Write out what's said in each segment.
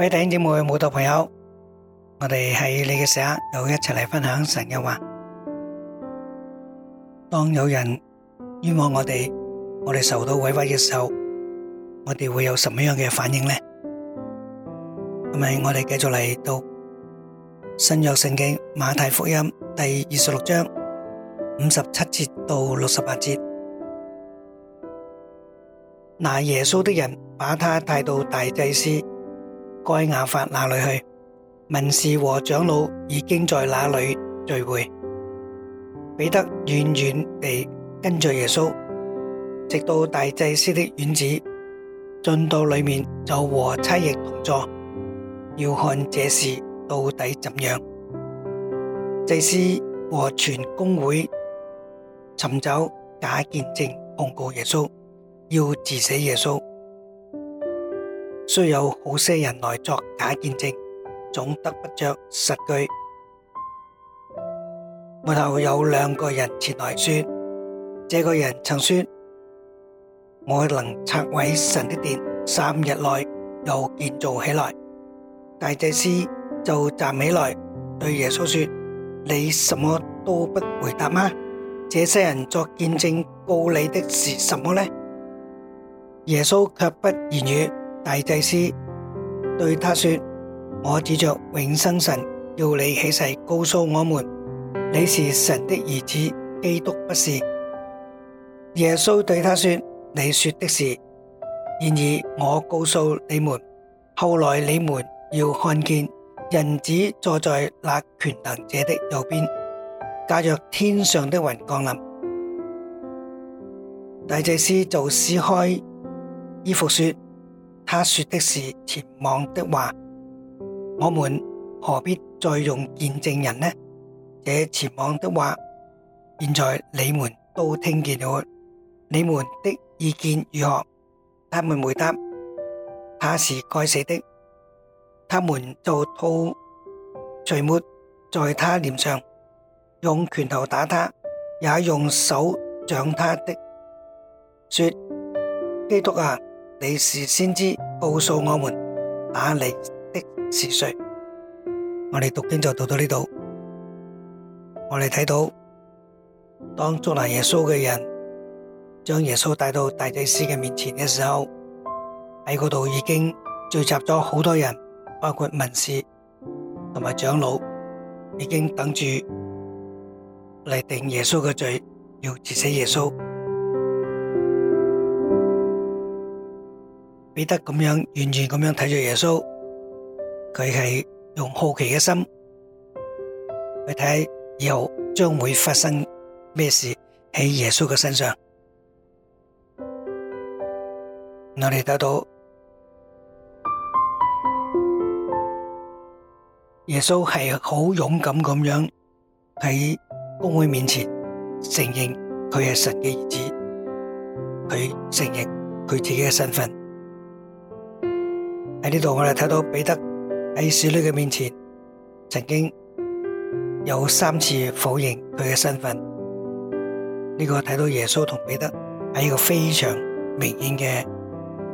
各位弟兄姊妹、慕道朋友，我哋喺你嘅時候又一齊嚟分享神嘅話。當有人冤枉我哋，我哋受到委屈嘅時候，我哋會有什麼樣嘅反應呢？今日我哋繼續嚟到新約聖經馬太福音第二十六章五十七節到六十八節。拿耶穌的人把他帶到大祭司。該亞法哪裏去，文士和長老已經在哪裏聚會。彼得遠遠地跟着耶穌，直到大祭司的院子，進到裏面就和差役同坐，要看這事到底怎樣。祭司和全公會尋找假見證控告耶穌，要治死耶穌。雖有好些人來作假見證，總得不着實據。末後有兩個人前來說：這個人曾說我能拆毀神的殿，三日內又建造起來。大祭司就站起來對耶穌說：你什麼都不回答嗎？這些人作見證告你的是什麼呢？耶穌卻不言語。大祭司對他說：我指着永生神要你起誓告訴我們你是神的兒子，基督不是。耶穌對他說：你說的是。然而我告訴你們，後來你們要看見人子坐在那權能者的右邊，駕着天上的雲降臨。大祭司就撕開衣服說。他說的是僭妄，你是先知，告訴我們打你的是誰？我哋讀經就讀到呢度，我哋睇到當捉拿耶穌嘅人將耶穌帶到大祭司嘅面前嘅時候，喺嗰度已經聚集咗好多人，包括文士同埋長老，已經等住嚟定耶穌嘅罪，要治死耶穌。彼得咁樣遠遠咁樣睇住耶穌，佢係用好奇嘅心去睇以後將會發生咩事喺耶穌嘅身上。我哋睇到耶穌係好勇敢咁樣喺公會面前承認佢係神嘅兒子，佢承認佢自己嘅身份。喺呢度我哋睇到彼得喺使女嘅面前，曾經有三次否認佢嘅身份。呢個睇到耶穌同彼得係一個非常明顯嘅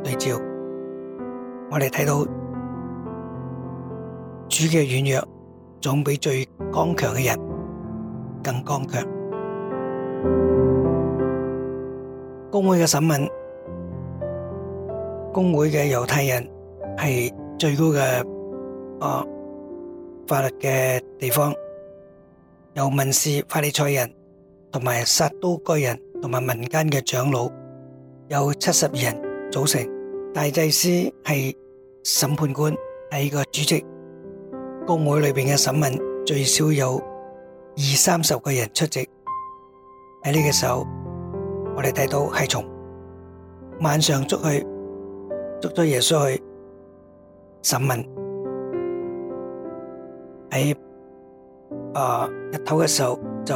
對照。我哋睇到主嘅軟弱，總比最剛強嘅人更剛強。公會嘅審問，公會嘅猶太人。是最高嘅，誒、啊、法律嘅地方，有民事法利賽人，同埋撒都該人，同埋民間嘅長老，有七十二人組成。大祭司係審判官，係個主席。公會裏面嘅審問最少有二三十個人出席。喺呢個時候，我哋睇到係從晚上捉去，捉咗耶穌去。審問喺啊日頭嘅時候就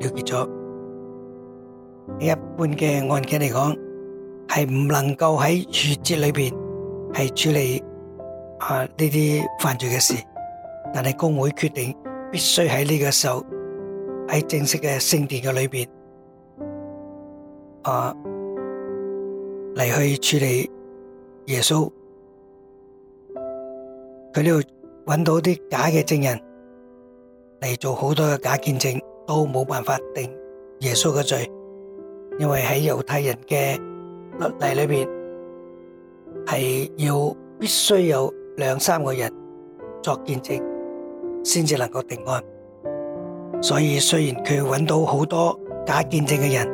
了結咗。一般嘅案件嚟講係唔能夠喺主節裏邊係處理啊呢啲犯罪嘅事，但係公會決定必須喺呢個時候喺正式嘅聖殿嘅裏邊啊嚟去處理耶穌。佢呢度揾到啲假嘅證人嚟做好多嘅假見證，都冇辦法定耶穌嘅罪，因為喺猶太人嘅律例裏面係要必須有兩三個人作見證先至能夠定案。所以雖然佢揾到好多假見證嘅人，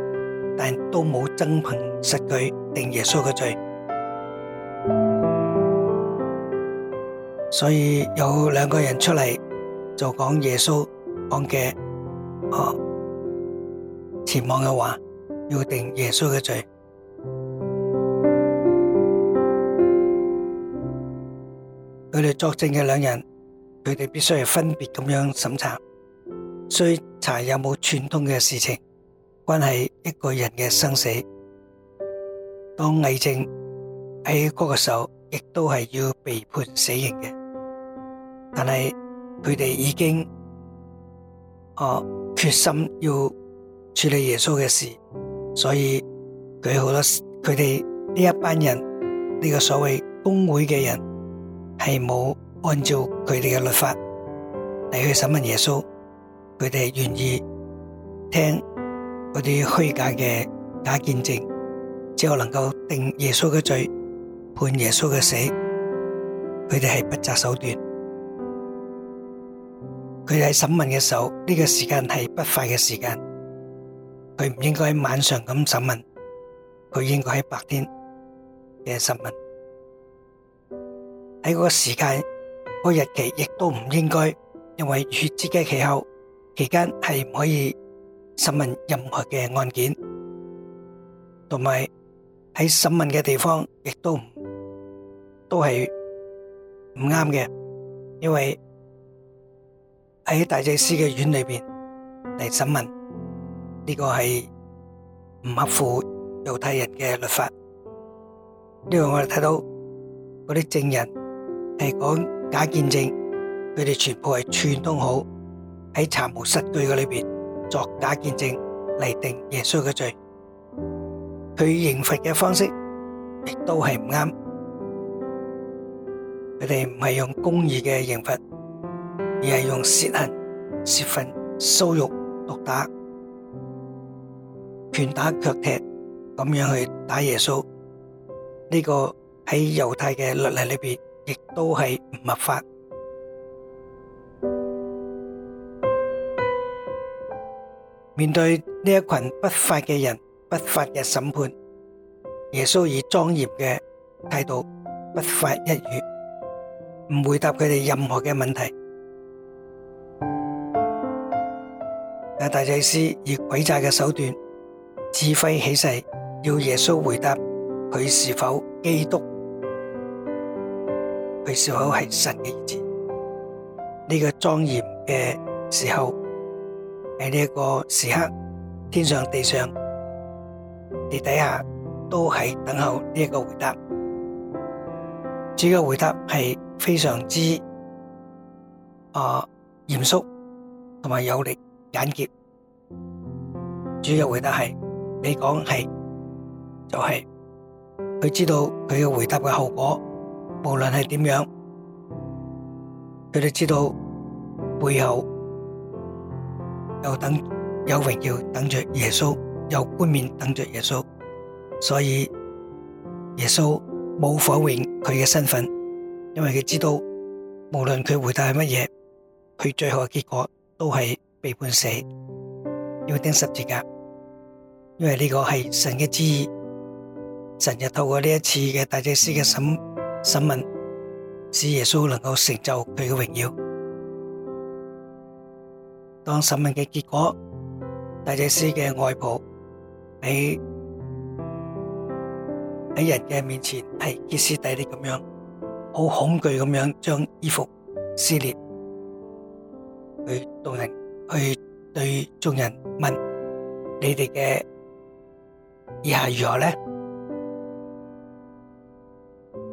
但都冇真憑實據定耶穌嘅罪。所以有兩個人出嚟就講耶穌講嘅哦，前往嘅話要定耶穌嘅罪。佢哋作證嘅兩人，佢哋必須係分別咁樣審查，追查有冇串通嘅事情，關係一個人嘅生死。當偽證喺嗰個時候，亦都係要被判死刑嘅。但係佢哋已經哦決心要處理耶穌嘅事，所以佢好多佢哋呢一班人呢、呢個所謂公會嘅人係冇按照佢哋嘅律法嚟去審問耶穌，佢哋願意聽嗰啲虛假嘅假見證，只能夠定耶穌嘅罪，判耶穌嘅死，佢哋係不擇手段。佢喺審問嘅時候，呢個時間係不快嘅時間。佢唔應該喺晚上咁審問，佢應該喺白天嘅審問。喺嗰個時間、個日期亦都唔應該，因為血節嘅期後期間係唔可以審問任何嘅案件，同埋喺審問嘅地方亦都唔都係唔啱嘅，因為。喺大祭司嘅院裏面嚟審問，呢個係唔合乎猶太人嘅律法，因為我哋睇到嗰啲證人係講假見證，佢哋全部係串通好喺查無實據嘅裏面作假見證嚟定耶穌嘅罪，佢刑罰嘅方式亦都係唔啱，佢哋唔係用公義嘅刑罰。而係用洩恨、洩憤、羞辱、毒打、拳打腳踢咁樣去打耶穌，呢個喺猶太嘅律例裏邊亦都係唔合法。面對呢一群不法嘅人、不法嘅審判，耶穌以莊嚴嘅態度不發一語，唔回答佢哋任何嘅問題。大祭司以詭詐嘅手段，指揮起誓，要耶穌回答，佢是否基督，佢是否係神嘅兒子。呢個莊嚴嘅時候，喺呢個時刻，天上地上，地底下都係等候呢個回答。呢個回答係非常之啊嚴肅，同埋有力簡潔，主要回答係，你講係就係。佢知道佢嘅回答嘅後果，無論係點樣，佢哋知道背後又等有榮耀等著耶穌，有冠冕等著耶穌，所以耶穌冇否認佢嘅身份，因為佢知道無論佢回答係乜嘢，佢最後嘅結果都係被判死。要釘十字架，因為呢個係神嘅旨意。神就透過呢一次嘅大祭司嘅審審問，使耶穌能夠成就佢嘅榮耀。當審問嘅結果，大祭司嘅外袍喺喺人嘅面前係歇斯底里咁樣，好恐懼咁樣將衣服撕裂，去度人去。眾人問，你哋嘅意下如何呢？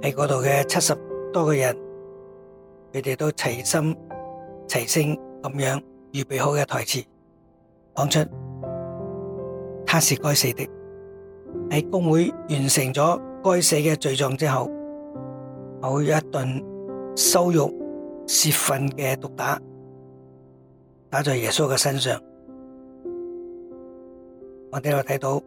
喺嗰度嘅七十多個人，佢哋都齊心齊聲咁樣預備好嘅台詞，講出他是該死的。喺公會完成咗該死嘅罪狀之後，我一頓羞辱泄憤嘅毒打，打在耶穌嘅身上。我哋又睇到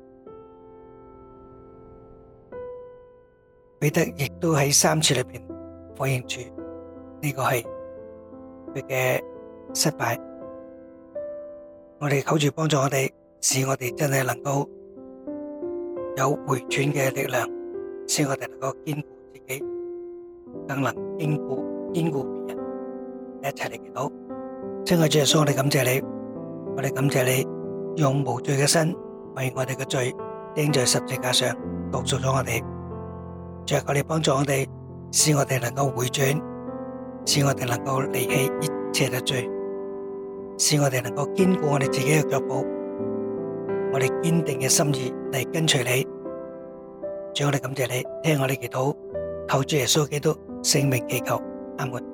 彼得亦都喺三次裏邊否認住，呢個係佢嘅失敗。我哋靠住幫助我哋，使我哋真係能夠有回轉嘅力量，使我哋能夠堅固自己，更能堅固堅固別人。一齊嚟祈禱，親愛的主耶穌，我哋感謝你，我哋感謝你用無罪嘅身。為我哋嘅罪釘在十字架上，救贖咗我哋。主啊，你幫助我哋，使我哋能夠回轉，使我哋能夠離棄一切嘅罪，使我哋能夠堅固我哋自己嘅腳步。我哋堅定嘅心意嚟跟隨你。最後，我哋感謝你，聽我哋祈禱，求主耶穌基督聖名祈求，阿門。